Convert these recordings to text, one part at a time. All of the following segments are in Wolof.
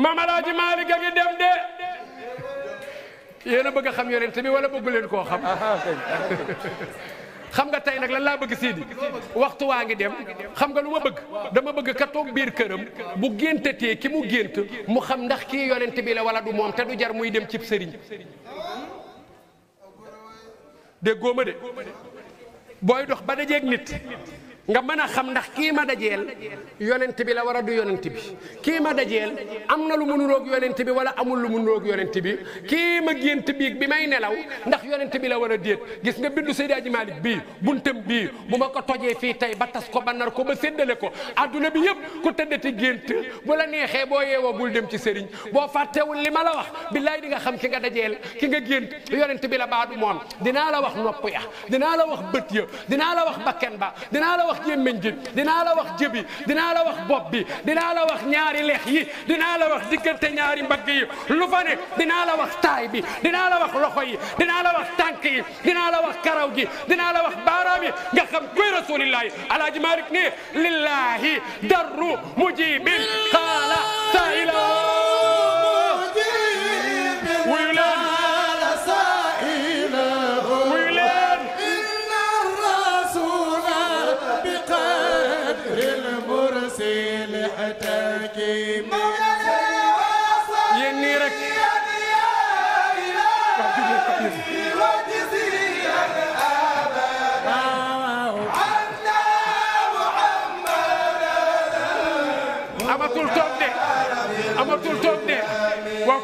maam alaaji a ngi dem de yéen a bëgg xam yonent bi wala bëggu leen koo xam xam nga tey nag lan laa bëgg Sidi waxtu waa ngi dem xam nga lu ma bëgg dama bëgg ka toog biir këram bu géntatee ki mu gént mu xam ndax ki yonent bi la du moom te du jar muy dem cib sëriñ déggoo ma de booy dox ba dajeeg nit nga mën a xam ndax kii ma dajeel yonent bi la war a du yonent bi kii ma dajeel am na lu mu nuroog yonent bi wala amul lu mu nuroog yonent bi kii ma gént biig bi may nelaw ndax yonent bi la war a déet gis nga bindu Seydi Aji malik bii buntam bii bu ma ko tojee fii tey ba tas ko ba nar ko ba séddale ko adduna bi yëpp ku tëddati gént bu la neexee boo yeewoo bul dem ci sëriñ boo fàttewul li ma la wax billaay di nga xam ki nga dajeel ki nga gént yonent bi la baadu moom dinaa la wax nopp ya dinaa la wax bët ya dinaa la wax bakken ba dinaa la wax وخ يمين جي دينا لا وخ جيبي دينا لا وخ بوبي دينا لا وخ نياري لخي دينا لا وخ ديكرت نياري مباغي لو فاني دينا لا وخ تايبي دينا لا وخ لوخوي دينا لا وخ تانكي دينا لا وخ كاروغي دينا لا وخ بارامي يا خم رسول الله على جماركني لله در مجيب قال سائله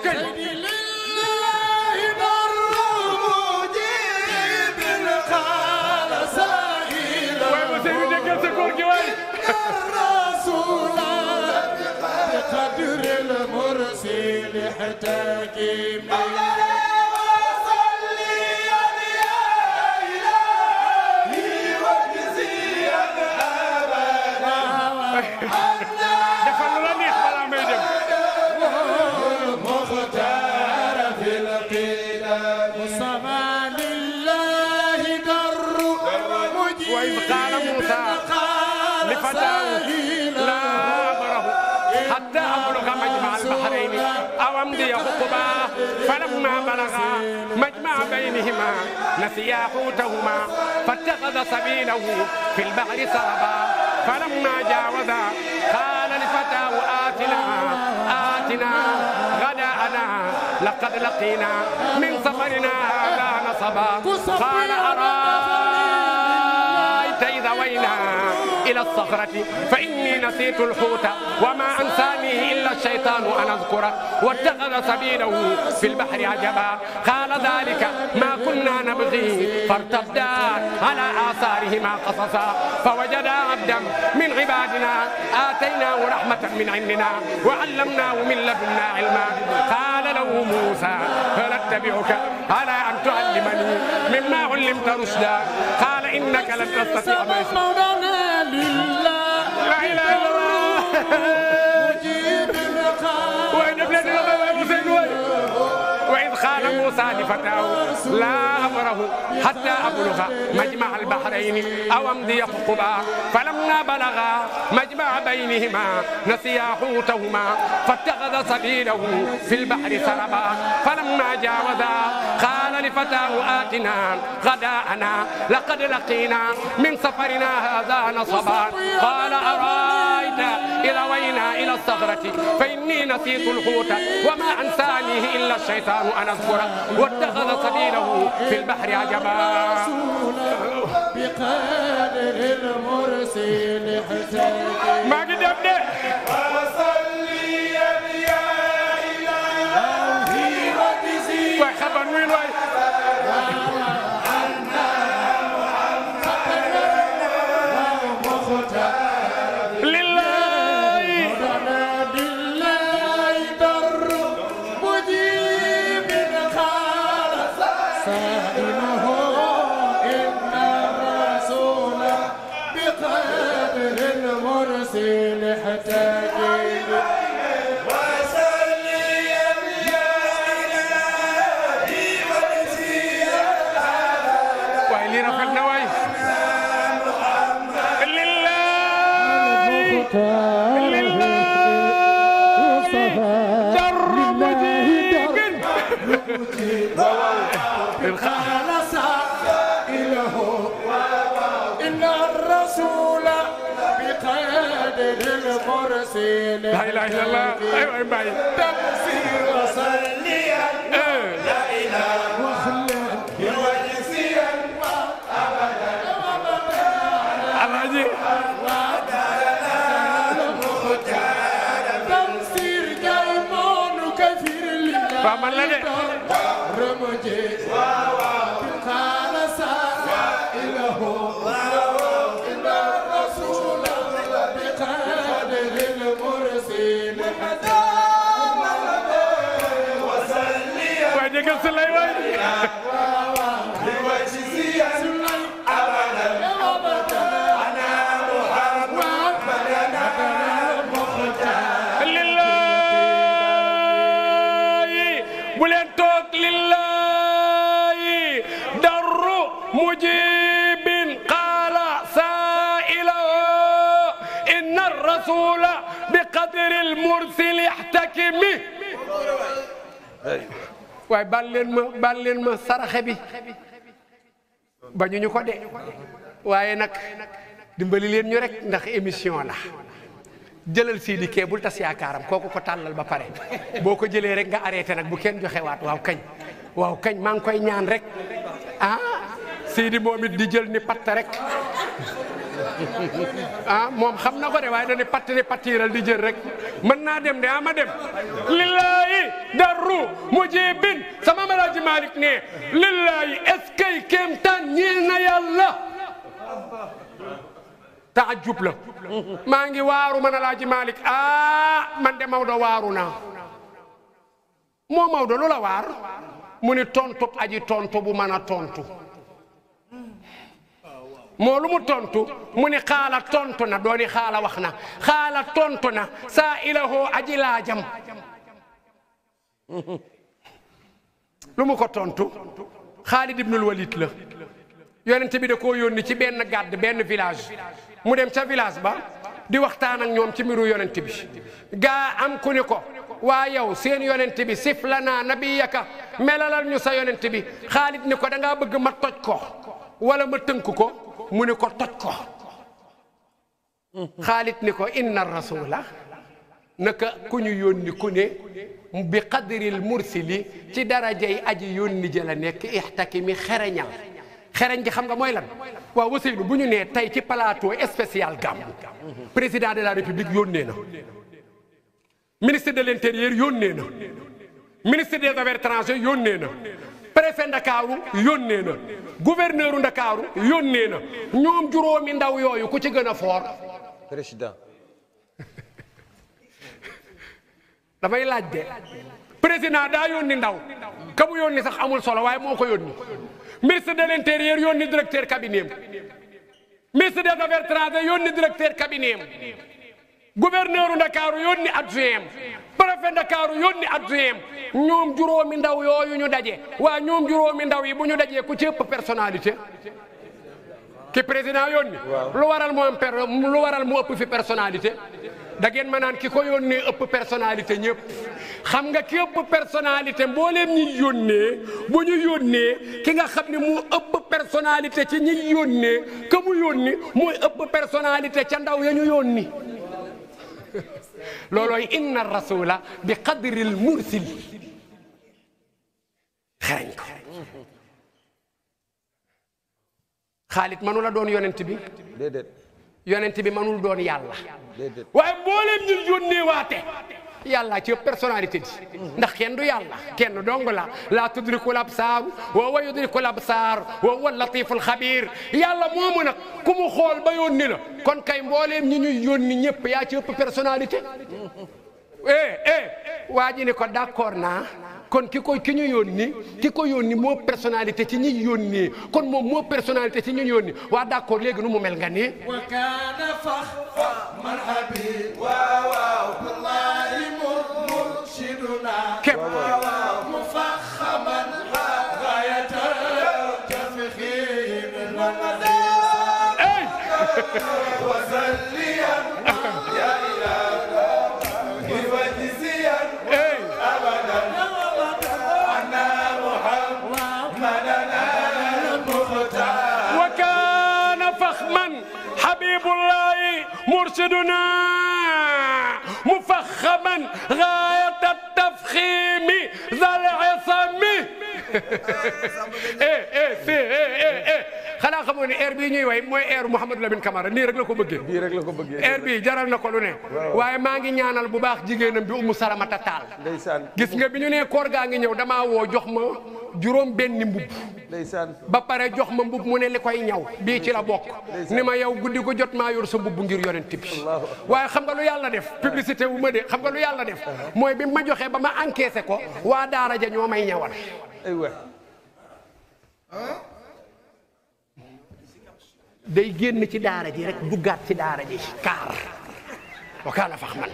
الكل الرسول بقدر المرسل احتكي مولانا للحمد يخطبا فلما بلغا مجمع بينهما نسيا حوتهما فاتخذ سبيله في البحر سربا فلما جاوزا قال لفتاه آتنا آتنا غداءنا لقد لقينا من سفرنا هذا نصبا قال أرأيت إذا وينا إلى الصخرة فإني نسيت الحوت وما أنساني إلا الشيطان أن أذكره واتخذ سبيله في البحر عجبا قال ذلك ما كنا نبغي فارتدا على آثارهما قصصا فوجدا عبدا من عبادنا آتيناه رحمة من عندنا وعلمناه من لدنا علما قال له موسى هل أتبعك على أن تعلمني مما علمت رشدا قال إنك لن تستطيع إلا على الله موسى لفتاه لا أبره حتى أبلغ مجمع البحرين أو أمضي حقبا فلما بلغا مجمع بينهما نسيا حوتهما فاتخذ سبيله في البحر سربا فلما جاوزا قال لفتاه آتنا غداءنا لقد لقينا من سفرنا هذا نصبا قال أرأيت إذا وينا إلى الصخرة فإني نسيت الحوت وما أنسانيه إلا الشيطان أن أذكر واتخذ سبيله في البحر عجبا بقدر المرسل حسين ماجد ابني وخبر لا اله الا الله ايوه ايوه تفسير وصل ba man la de remojé waaw waaw بلين توك لله در مجيب قال سائله إن الرسول بقدر المرسل يحتكمه واي بلين ما بلين ما سرخبي بني نيوكو دي واي نك dimbali len ñu rek ndax émission la jëlal Sidi Kee bul tas yaakaaram kooku ko tàllal ba pare boo ko jëlee rek nga arrêté nag bu kenn joxe waat waaw kañ waaw kañ maa ngi koy ñaan rek ah Sidi moom it di jël ni patt rek ah moom xam na ko de waaye dañuy ni pattiral di jël rek mën naa dem de ama ah, dem lillaahi darru mujibin sama malaaji Malick ne lillaahi est-ce que kéemtaan na yàlla taajub jubla maa ngi waaru man alaaji Malick ah man de waaru na moo Maodo lu la waar mu ni tontu aji tontu bu mën tontu moo lu mu tontu mu ni xaala tontu na dooni xaala wax na xaala tontu na saa ilahoo aji laajam lu mu ko tontu Xaalid ibnul Walid la yonent bi da koo yónni ci benn gàdd benn village mu dem ca village ba di waxtaan ak ñoom ci mbiru yonent bi gaa am ku ni ko waa yow seen yonent bi sif nabiyaka melalal ñu sa yonent bi Xaalid ni ko da ngaa bëgg ma toj ko wala ma tënk ko mu ni ko toj ko Xaalid ni ko inna rasula naka ku ñu yónni ku ne bi qadril mursili ci darajay aji yónni ja la nekk ixtakimi xereñ gi xam nga mooy lan waaw Ousseynou bu ñu nee tey ci plateau spécial Gàmmu président de la république nee na ministre de l'intérieur nee na ministre des affaires étrangères yónnee na préfet Ndakaaru yónnee na gouverneur Ndakaaru nee na ñoom juróomi ndaw yooyu ku ci gën a fort président damay laaj de président daa yónni ndaw ka mu yónni sax amul solo waaye moo ko yónni ministre de l'intérieur yónni directeur cabinet am ministre des affaires étrangères yónni directeur cabinet am gouverneur u Ndakaaru yónni adjoint am préfet Ndakaaru yónni adjoint am ñoom juróomi ndaw yooyu ñu daje waa ñoom juróomi ndaw yi bu ñu dajee ku ci ëpp personnalité ki président yónni lu waral mu am lu waral mu ëpp fi personnalité da ngeen ma naan ki ko yónnee ëpp personnalité ñëpp xam nga ki ëpp personnalité mbooleem ñi yónnee bu ñu yónnee ki nga xam ne mu ëpp personnalité ci ñi yónnee ka mu yónni mooy ëpp personnalité ca ndaw ya ñu yónni loolooy inna rasula bi qadri qadril mursil xarañ ko xaalit manu la doon yonent bi déedéet yonent bi mënul doon yàlla waaye mboolem ñu yónnee waate yàlla ci personnalité di ndax kenn du yàlla kenn dong la la tudrikul absaar wa huwa yudrikul absaar wa huwa latiful xabiir yàlla moomu nag ku mu xool ba yónni la kon kay mbooleem ñi ñuy yónni ñëpp yaa ci ëpp personnalité eh eh waa ji ne ko d'accord naa kon ki ko ki ñu yónni ki ko yónni moo personnalité ci ñi yónni kon moom moo personnalité ci ñu yónni waa d'accord léegi nu mu mel nga nii. wa kaana fax fax man abi waaw waaw. wallaahi mursiduna. képp waaw waaw. مرشدنا مفخما غاية التفخيم ذا العصم eh eh eh eh eh xanaa xamoo ne air bii ñuy way mooy air Mouhamadou Lamine Camara nii rek la ko bëggee. nii rek la ko bëggee air bii jaral na ko lu ne. waaye maa ngi ñaanal bu baax jigéenam bi Umu Saramata Taal. ndeysaan gis nga bi ñu nee koor gaa ngi ñëw damaa woo jox ma juróom benni mbubb ba pare jox ma mbubb mu ne li koy ñaw bii ci la bokk ni ma yow guddi ko jot maa yor sa mbubb ngir yonent bi waaye xam nga lu yàlla def publicité wu ma de xam nga lu yàlla def uh-huh. mooy bi ma joxee ba ma encaissé ko waa daara ñoo may ñawal day génn ci daara ji rek duggaat ci daara ji kaar وكان فخما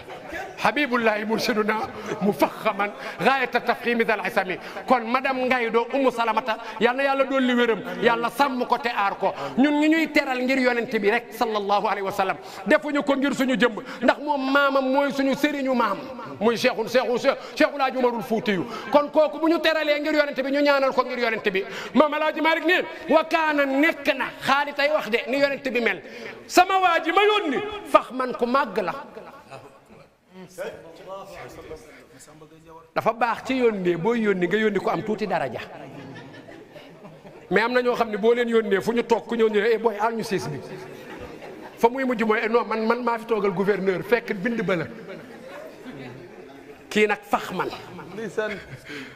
حبيب الله مرسلنا مفخما غايه التفخيم ذا العسام كون مدام غايدو ام سلامه يالا يالا دولي ويرم يالا سام كو تي اركو نون ني نوي تيرال غير يوننتي بي رك صلى الله عليه وسلم ديفو نيو كو غير سونو جيم ناخ موم مام موي سونو سيرينو مام موي شيخون شيخو شيخ الحاج عمر الفوتي كون كوكو بو نيو تيرال غير يوننتي بي نيو نيانال كو غير يوننتي بي مام الحاج مالك ني وكان نكنا خالد اي واخ دي ني يوننتي بي مل سما واجي ما يوني فخمان ماغلا dafa baax ci yónnee booy yónni nga yónni ko am tuuti daraja mais am na ñoo xam ne boo leen yónnee fu ñu toog ku ñëw ñu ne eh booy al ñu siis bi fa muy mujj mooy non man man maa fi toogal gouverneur fekk bind ba la kii nag fax man ndeysaan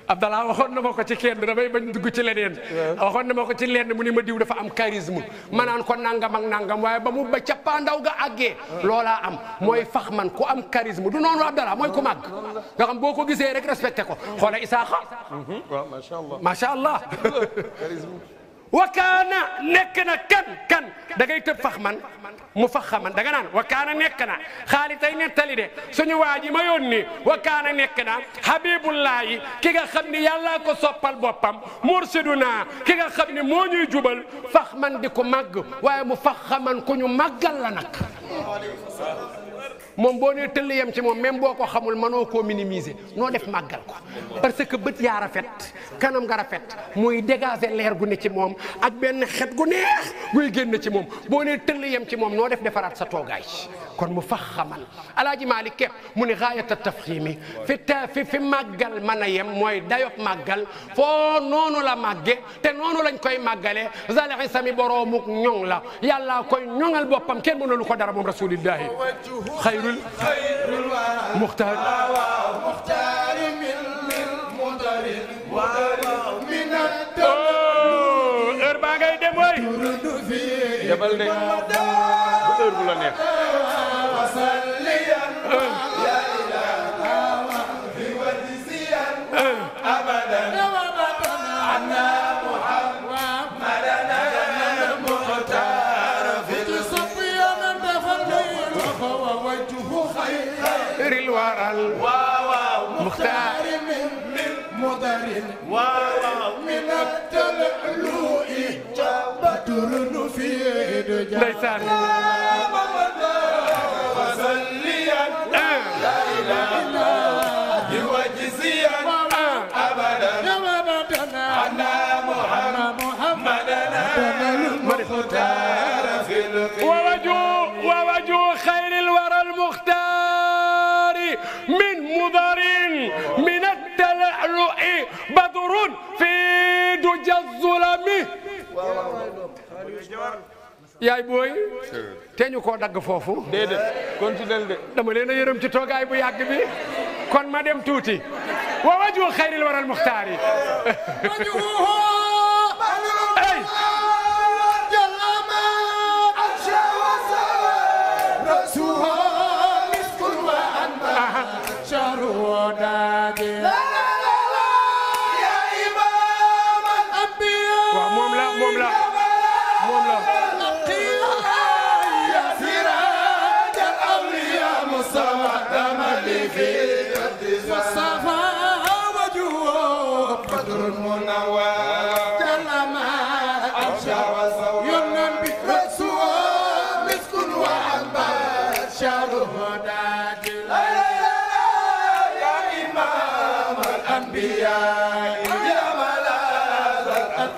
Abdallah waxoon na ma ko ci kenn damay bañ dugg ci leneen waxoon na ma ko ci lenn mu ni ma diw dafa am charisme ma naan ko nangam ak nangam waaye ba mu ba cappaandaw ga àggee ah. loola am mooy fax man ko am charisme du noonu Abdallah mooy ku màgg nga xam boo ko gisee rek respecté ko xoola Isaaxa mhm. waaw macha allah macha allah wakaana nekk na kan kan da ngay tëb fax man mu fax xaman da nga naan wakaana nekk na xaali tey nettali de suñu waa ji ma yónni wakaana nekk na habibullahi ki nga xam ni yàllaa ko soppal boppam naa ki nga xam ni moo ñuy jubal fax man di ko màgg waaye mu fax xaman ku ñu màggal la nag moom boo nee tëll yem ci moom même boo ko xamul mënoo koo minimiser noo def maggal ko parce que bët yaa rafet kanam ga rafet muy dégager leer gu ne ci moom ak benn xet gu neex guy génn ci moom boo nee tëll yem ci moom noo def defaraat sa toogaay kon mu fax xamal alaaji Maalik képp mu ne xaayata tafxiimi fi ta fi fi màggal mën a yem mooy dayop màggal foo noonu la màgge te noonu lañ koy màggalee zalexi sami boroomuk ñoŋ la yàlla koy ñoŋal boppam kenn mënalu ko dara moom rasulillahi xayru xayrul muxtaar oh, heure baa ngay dem waay jabal de heure bu la neex خير الورى الواو مختار من من مضر واو من التلعلوع بدر في يد وصليا لا اله وجزيا ابدا عنا محمد محمدنا المختار في القيام ووجه خير الورى المختار من مضار من التلألؤ بدر في دجى الظلم يا بوي تنيو كو داغ فوفو ديد كونتينل دي داما لينا يرم تي توغاي بو ياغ بي كون ما دم توتي ووجه خير الورى المختار وجهه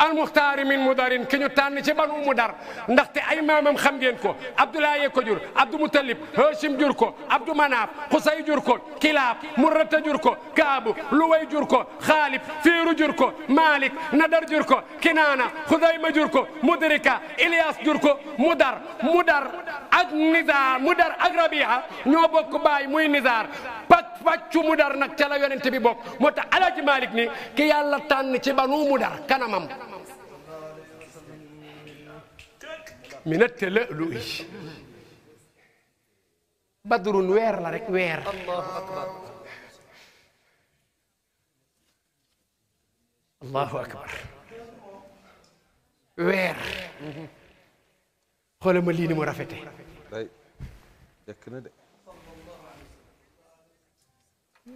المختار من مدار كنيو تان سي بانو مدار نخت اي مامم خم ген كو عبد الله يكجور عبد المطلب هاشم جوركو عبد مناف قصي جوركو كلاب مرته جوركو كابو لوي جوركو خالد فيرو جوركو مالك ندر جوركو كنانا خديمه جوركو مدركا الياس جوركو مدار مدار اج نزار مدار اقربيها نيو بوك باي موي نزار pàcc pàccu Mudar nag ca la yonent bi bokk moo tax Alaaji Malik ni ki yàlla tànn ci banu Mudar kanamam mi na tëla lu yi badrun weer la rek weer allahu akbar weer xoolal ma lii ni mu rafete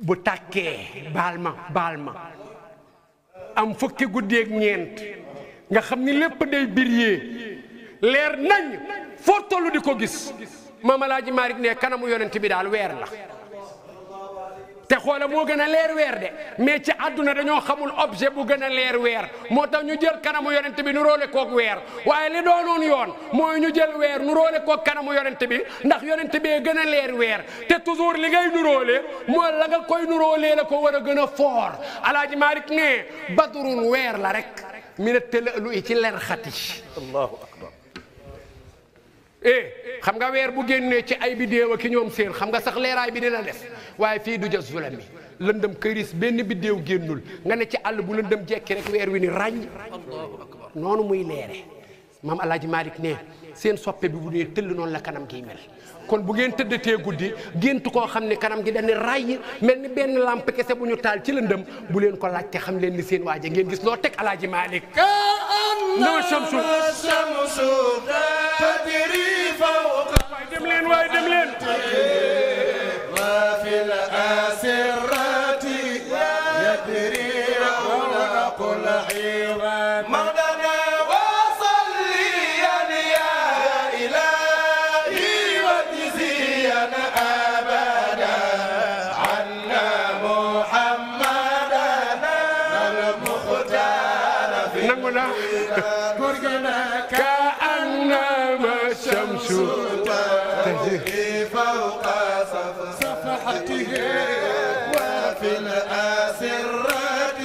bu tàkkee baal ma baal ma am fukki guddeeg ñeent nga xam ni lépp day biriyee leer nañ foo tollu di ko gis ma Maam Alaaji Maalik ne kanamu yonent bi daal weer la te xoola moo gën a leer weer de mais ci àdduna dañoo xamul objet bu gën a leer weer moo tax ñu jël kanamu yonent bi nu roole koog weer waaye li doonoon yoon mooy ñu jël weer nu roole koog kanamu yonent bi ndax yonent bee gën a leer weer te toujours li ngay nu roole moo la nga koy nu roolee la ko war a gën a foor alaaji Malik ne badurun weer la rek mi ne tëlalu i ci ler xati eh xam nga weer bu génnee ci ay biddéew ki ñoom seen xam nga sax leeraay bi dina des waaye fii du ja zulami lëndëm këris benn biddéew génnul nga ne ci àll bu lëndëm jekki rek weer wi ni ràññ noonu muy leere maam El Hadj Malick ne seen soppe bi bu dee tëll noonu la kanam giy mel kon bu ngeen tëdd tëddatee guddi gént koo xam ne kanam gi dañuy raay mel ni benn lampe kese bu ñu taal ci lëndëm bu leen ko laajte xam leen ni seen waaje ngeen gis loo teg El Hadj Malick. na Shamsu Shamsu. waay dem leen waay dem leen. في الأسرة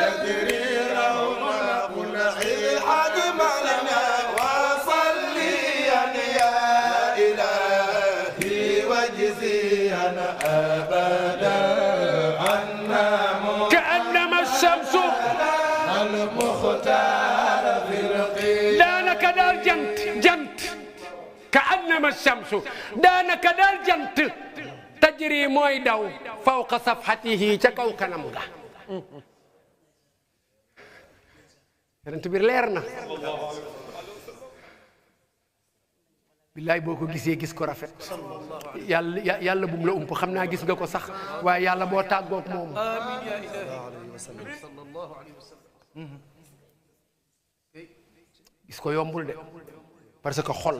يجري رونق الحق ملنا وصلي يا إلهي واجزيا أبدا عنا كأنما الشمس المختار في القيل لا لك دار جنت جنت كأنما الشمس دانك دار جنت tajri mooy daw fawqa safhatihi ca kaw kanam ga yonent bi leer na billaay boo ko gisee gis ko rafet yàlla yàlla bu la ump xam naa gis nga ko sax waaye yàlla boo tàggoog moom gis ko yombul de parce que xol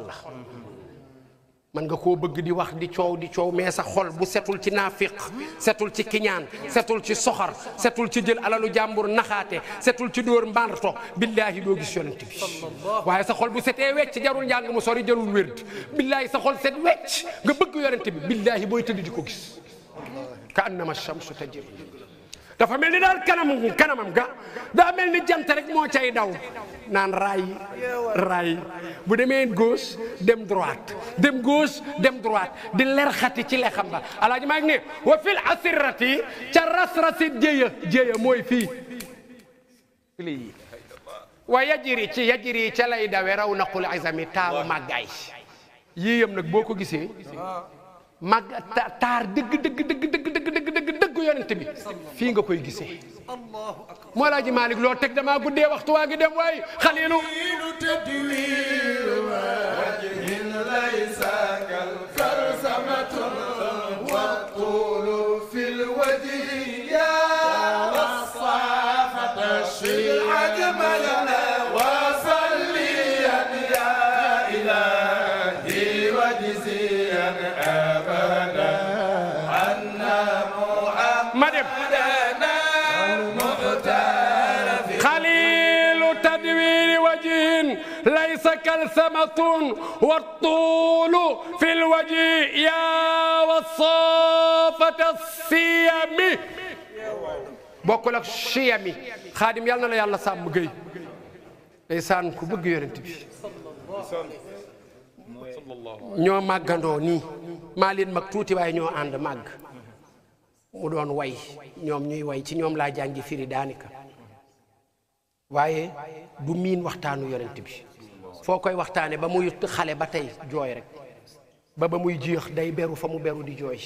man nga koo bëgg di wax di coow di coow mais sa xol bu setul ci naafiq setul ci kiñaan setul ci soxar setul ci jël alalu jàmbur naxaate setul ci dóor mbarto billaahi doo gis yonent bi waaye sa xol bu setee wecc jarul nga mu sori jarul wérd billaahi sa xol set wecc nga bëgg yonent bi billaahi booy tëdd di ko gis ka annama shamsu tajri dafa mel ni daal kanam kanamam ga daa mel ni jant rek moo cay daw naan raay raay bu demee gauche dem droite dem gauche dem droite di ler xati ci lexam ba alaaji maa wa fil asirrati ca ras-rasit jéya jéya mooy fii lii wa yajiri ci yajiri ca lay dawe raw naqul izami taawu màggaay yii yëm nag boo ko gisee taar dëgg dëgg dëgg يقولون أنهم يقولون أنهم يقولون أنهم يقولون أنهم يقولون أنهم يقولون أنهم يقولون أنهم ثمت والطول في الوجه يا وصافة السيم bokkul ak siyam yi xaadim yàlla na la yàlla sàmm gëy ndeysaan ku bëgg yonent bi ñoo màggandoo nii maa leen waaye ñoo ànd màgg mu doon way ñoom ñuy way ci ñoom laa jàngi firi daanaka waaye du miin waxtaanu yonent bi foo koy waxtaane ba muy xale ba tey jooy rek ba ba muy jeex day beru fa mu beru di jooy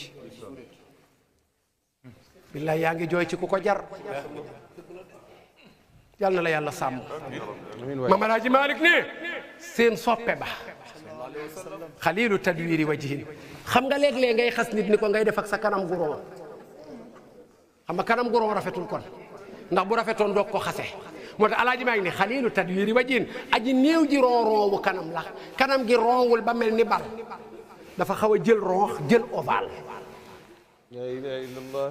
billaay yaa ngi jooy ci ku ko jar yàlla na la yàlla sàmm mamalaaji Malick ne seen soppe ba xaliilu tadwiiri wajihin xam nga léeg-léeg ngay xas nit ni ko ngay def ak sa kanam gu roo xam nga kanam gu roo rafetul kon ndax bu rafetoon doog ko xase moo tax alaaji maa ngi ne xaliilu wajin aji new ji roo roowu kanam la kanam gi roowul ba mel ni bal dafa xaw jël roox jël oval Ya ilaha ya, illallah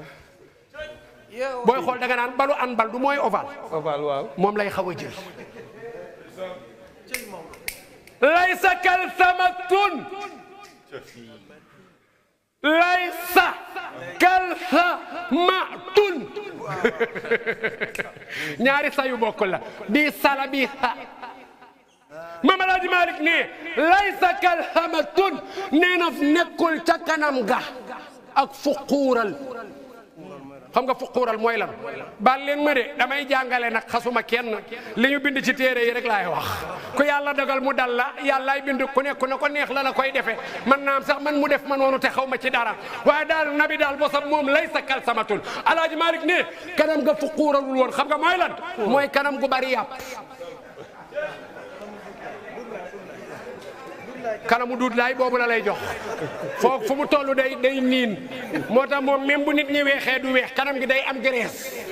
ya, booy xool da nga naan balu an bal du mooy oval oval waaw moom lay xaw a jël laysa kal samatun laysa kal samatun ñaari sayu bokkul la bii sala bii xa Mame ne laysa kalhama hamatun nee na nekkul ca kanam ga ak fuquural xam ga fu xuural mooy lan baal leen ma de damay jàngale nag xasuma kenn li ñu bind ci téere yi rek laay wax ku yàlla dagal mu dal la yàllaay bind ku nekk na ko neex la la koy defee man naam sax man mu def man noonu te xaw ma ci dara waaye daal nabi daal bosam moom lay sa kal samatul alaaji Malik ne kanam nga fu xuuralul woon xam nga mooy lan mooy kanam gu bari yàpp kanamu duut laay boobu la lay jox foo fu mu toll day day niin moo tax moom même bu nit ñi weexee du weex kanam gi day am graisse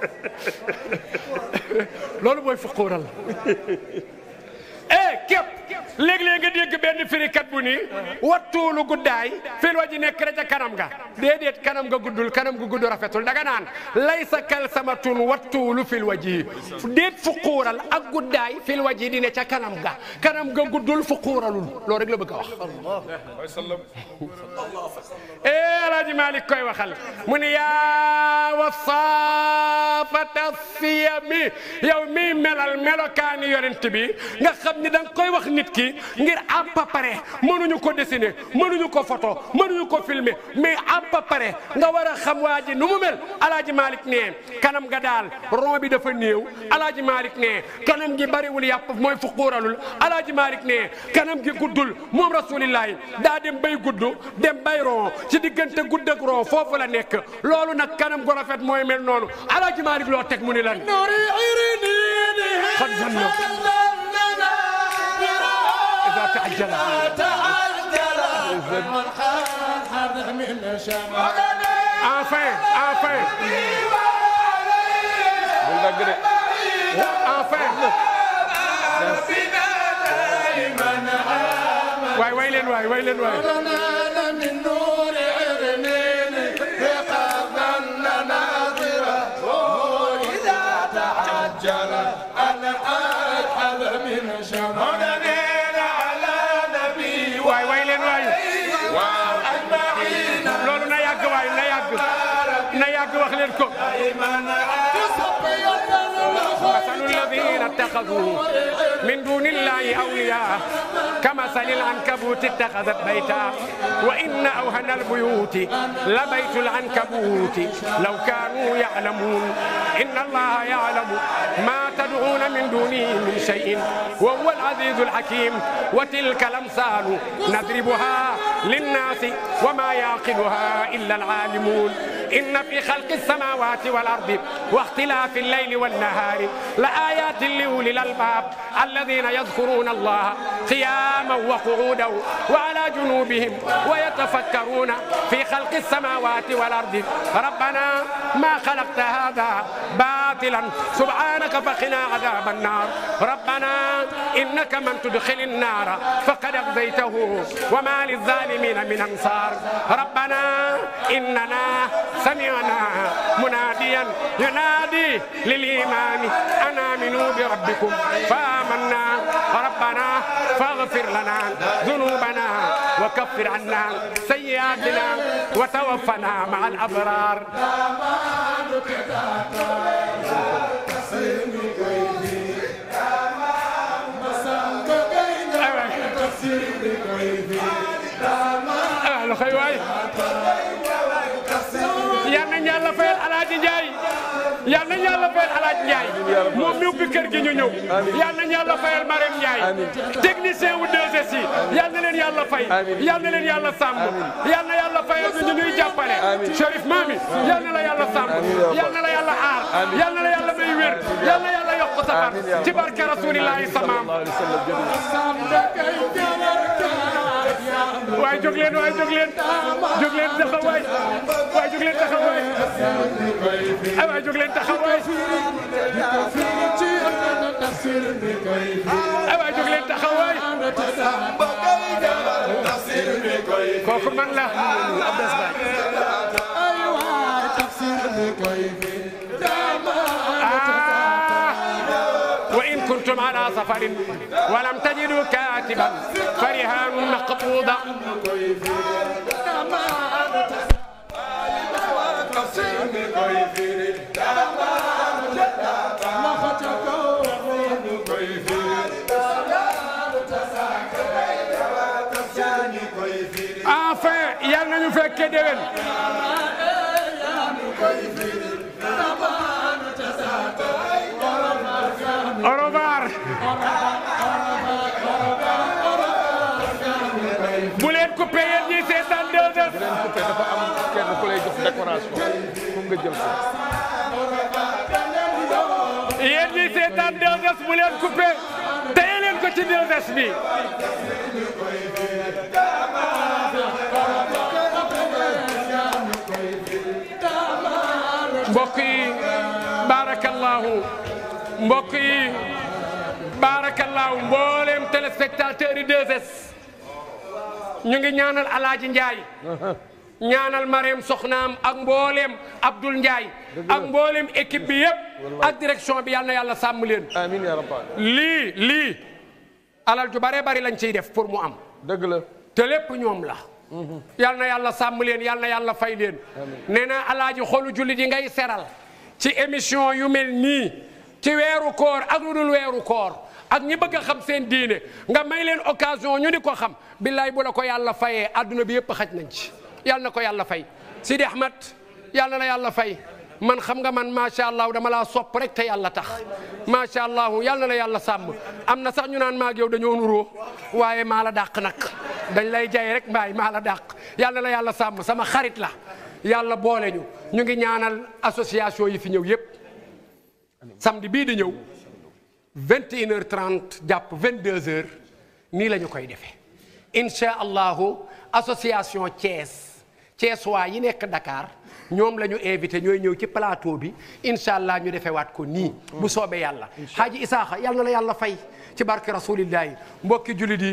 loolu mooy fuquural eh képp léeg-léeg nga dégg benn firikat bu nii wattuulu guddaay fil waji nekk rek ca kanam nga déedéet kanam ga guddul kanam gu gudd rafetul daga naan laysa kalsamatun wattuulu fil waji déet fu xuural ak guddaay fil waji di ne ca kanam nga kanam nga guddul fu xuuralul loolu rek a wax eh alaaji Malik koy waxal mu ni yaa wasaafata siyami yow mi melal melokaani yonent bi ni da koy wax nit ki ngir à peu près mënuñu ko desine mënuñu ko photo mënuñu ko filmer mais à peu près nga war a xam waa ji nu mu mel alaaji Malick nee kanam ga daal rond bi dafa néew alaaji Malick nee kanam gi bariwul yàpp mooy fuquuralul alaaji Malick nee kanam gi guddul moom rasulillahi daa dem bay guddu dem bay rond ci diggante gudd ak foofu la nekk loolu nag kanam gu rafet mooy mel noonu alaaji Malick loo teg mu ni lan تعجل تعجل والحرب من شمال عافيت عافيت بالبقري عافيت ربنا دائما عامل واي ويلين واي ويلين واي مثل الذين اتخذوا من دون الله أولياء كمثل العنكبوت اتخذت بيتا وإن أوهن البيوت لبيت العنكبوت لو كانوا يعلمون إن الله يعلم ما تدعون من دونه من شيء وهو العزيز الحكيم وتلك الأمثال نضربها للناس وما يعقلها إلا العالمون إن في خلق السماوات والأرض واختلاف الليل والنهار لآيات لأولي الألباب الذين يذكرون الله قياما وقعودا وعلى جنوبهم ويتفكرون في خلق السماوات والأرض ربنا ما خلقت هذا باطلا سبحانك فقنا عذاب النار ربنا إنك من تدخل النار فقد أغذيته وما للظالمين من أنصار ربنا إننا سمعنا مناديا ينادي للإيمان أنا من بربكم فآمنا ربنا فاغفر لنا ذنوبنا وكفر عنا سيئاتنا وتوفنا مع الأبرار أهلا خيواي yal nañu yàlla fayal alaaj Ndiaye moom mi ubbi kër gi ñu ñëw yal nañu yàlla fayal Marème Ndiaye technicien wu 2S yi yal na leen yàlla fay yal na leen yàlla sàmm yal na yàlla fayal ñu ñuy jàppale Chérif Mami yal na la yàlla sàmm yal na la yàlla aar yal na la yàlla may wér yal na yàlla yokk sa fan ci barke rasulillahi samaam waay jóg leen waay jóg leen jóg leen taxaw waay waay jóg leen taxaw waay ay waay jóg leen taxaw waay ay waay jóg leen taxaw waay kooku man la Abbas Baye كنتم على سفر ولم تجدوا كاتبا فرهان مقبوضا enfin yal nañu décoration pour nga jël ko yéen ñi seetaan 2S bu leen coupé téye leen ko ci 2S bi mbokk yi barakallahu mbokk yi barakallahu 2S ñu ngi ñaanal Alaaji ñaanal Marème soxnaam ak mbooleem Abdoul Ndiaye ak mbooleem équipe bi yëpp ak direction bi yal na yàlla sàmm leen amiin yaa lii lii alal ju bare bari lañ ciy def pour mu am dëgg la te lépp ñoom la mhm. yal na yàlla sàmm leen yal na yàlla fay leen nee na alaaji xolu jullit yi ngay seral ci émission yu mel nii ci weeru koor ak lu dul weeru koor ak ñi bëgg a xam seen diine nga may leen occasion ñu ni ko xam billaay bu la ko yàlla fayee adduna bi yëpp xaj nañ ci yal na ko yàlla fay Sidi Ahmed yal na la yàlla fay man xam nga man macha allah dama laa sopp rek te yàlla tax macha allah yal na la yàlla sàmm am na sax ñu naan maag yow dañoo nuroo waaye maa la dàq nag dañ lay jay rek mbaay maa la dàq yal na la yàlla sàmm sama xarit la yàlla boole ñu ñu ngi ñaanal association yi fi ñëw yépp samedi bii di ñëw 21h30 jàpp 22h nii la ñu koy defee incha allahu association Thiès. Ceesuwaa yi nekk Dakar ñoom la ñu invité ñooy ñëw ci plateau bi incha allah ñu defewaat ko nii. bu soobee yàlla. Haaji Isaaxa yal la yàlla fay ci barke rasulillahi mbokki jullit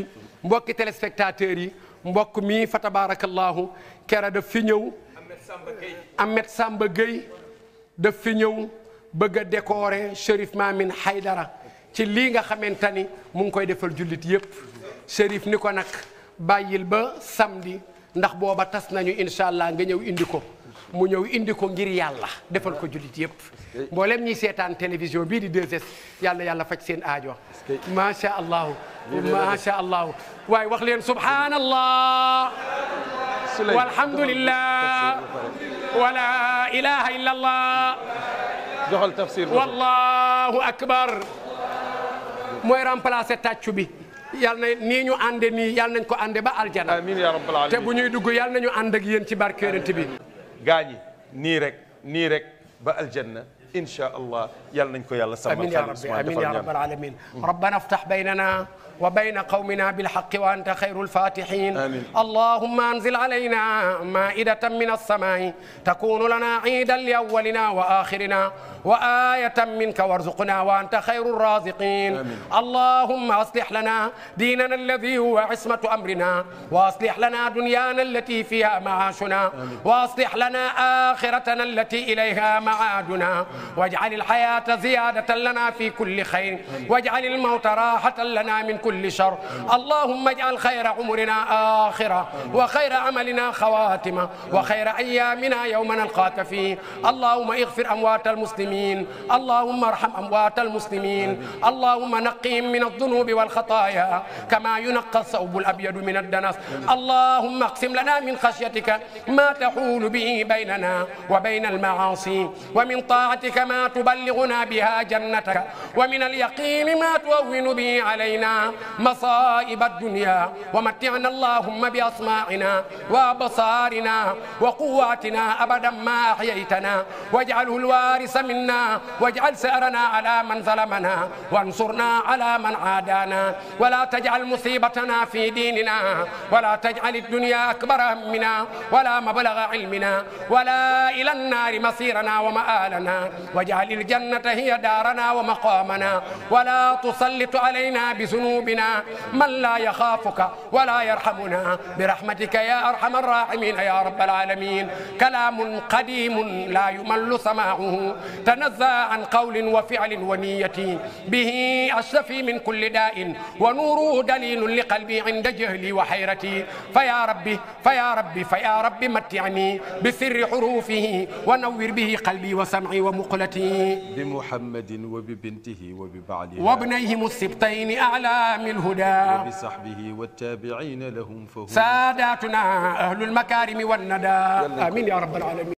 mbokki téléspectateurs yi mbokk mi fa tabarakallahu kera daf fi ñëw. Ahmed Samba Gueye daf fi ñëw bëgg décorer Chérif Mamine Haydara ci lii nga xamante mu ngi koy defal jullit yépp Chérif ni ko nag ba samedi. ndax booba tass nañu inshallah nga ñëw indi ko mu ñëw indi ko ngir yàlla defal ko julit yëpp mboolem ñi sétane télévision bi di 2S yàlla yàlla fajj seen aajo ma sha allah ma sha allah way wax leen subhanallah walhamdulillah wala ilaha illa allah joxal tafsir wallahu akbar mooy remplacer tàccu bi yal na nii ñu ànde nii yal nañ ko ànde ba aljana amiin yaa rabbal alamin te bu ñuy dugg yal nañu ànd ak yéen ci barke yonent bi gaañi nii rek nii rek ba aljanna insha allah yal nañ ko yàlla sàmmal amiin yaa rabbal alamin mm. rabbana aftah baynana وبين قومنا بالحق وأنت خير الفاتحين آمين. اللهم أنزل علينا مائدة من السماء تكون لنا عيدا لأولنا وآخرنا وآية منك وارزقنا وأنت خير الرازقين آمين. اللهم أصلح لنا ديننا الذي هو عصمة أمرنا وأصلح لنا دنيانا التي فيها معاشنا آمين. وأصلح لنا آخرتنا التي إليها معادنا واجعل الحياة زيادة لنا في كل خير واجعل الموت راحة لنا من كل كل شر اللهم اجعل خير عمرنا آخرة وخير عملنا خواتمة وخير أيامنا يوم نلقاك فيه اللهم اغفر أموات المسلمين اللهم ارحم أموات المسلمين اللهم نقهم من الذنوب والخطايا كما ينقى الثوب الأبيض من الدنس اللهم اقسم لنا من خشيتك ما تحول به بيننا وبين المعاصي ومن طاعتك ما تبلغنا بها جنتك ومن اليقين ما تهون به علينا مصائب الدنيا ومتعنا اللهم بأسماعنا وأبصارنا وقواتنا أبدا ما أحييتنا واجعله الوارث منا واجعل سأرنا على من ظلمنا وانصرنا على من عادانا ولا تجعل مصيبتنا في ديننا ولا تجعل الدنيا أكبر همنا ولا مبلغ علمنا ولا إلى النار مصيرنا ومآلنا واجعل الجنة هي دارنا ومقامنا ولا تسلط علينا بذنوب بنا من لا يخافك ولا يرحمنا برحمتك يا أرحم الراحمين يا رب العالمين كلام قديم لا يمل سماعه تنزى عن قول وفعل ونية به أشفي من كل داء ونوره دليل لقلبي عند جهلي وحيرتي فيا ربي فيا ربي فيا ربي متعني بسر حروفه ونور به قلبي وسمعي ومقلتي بمحمد وببنته وببعلها وابنيهم السبتين أعلى من الهدى وبصحبه والتابعين لهم فهم ساداتنا أهل المكارم والندى آمين يا رب العالمين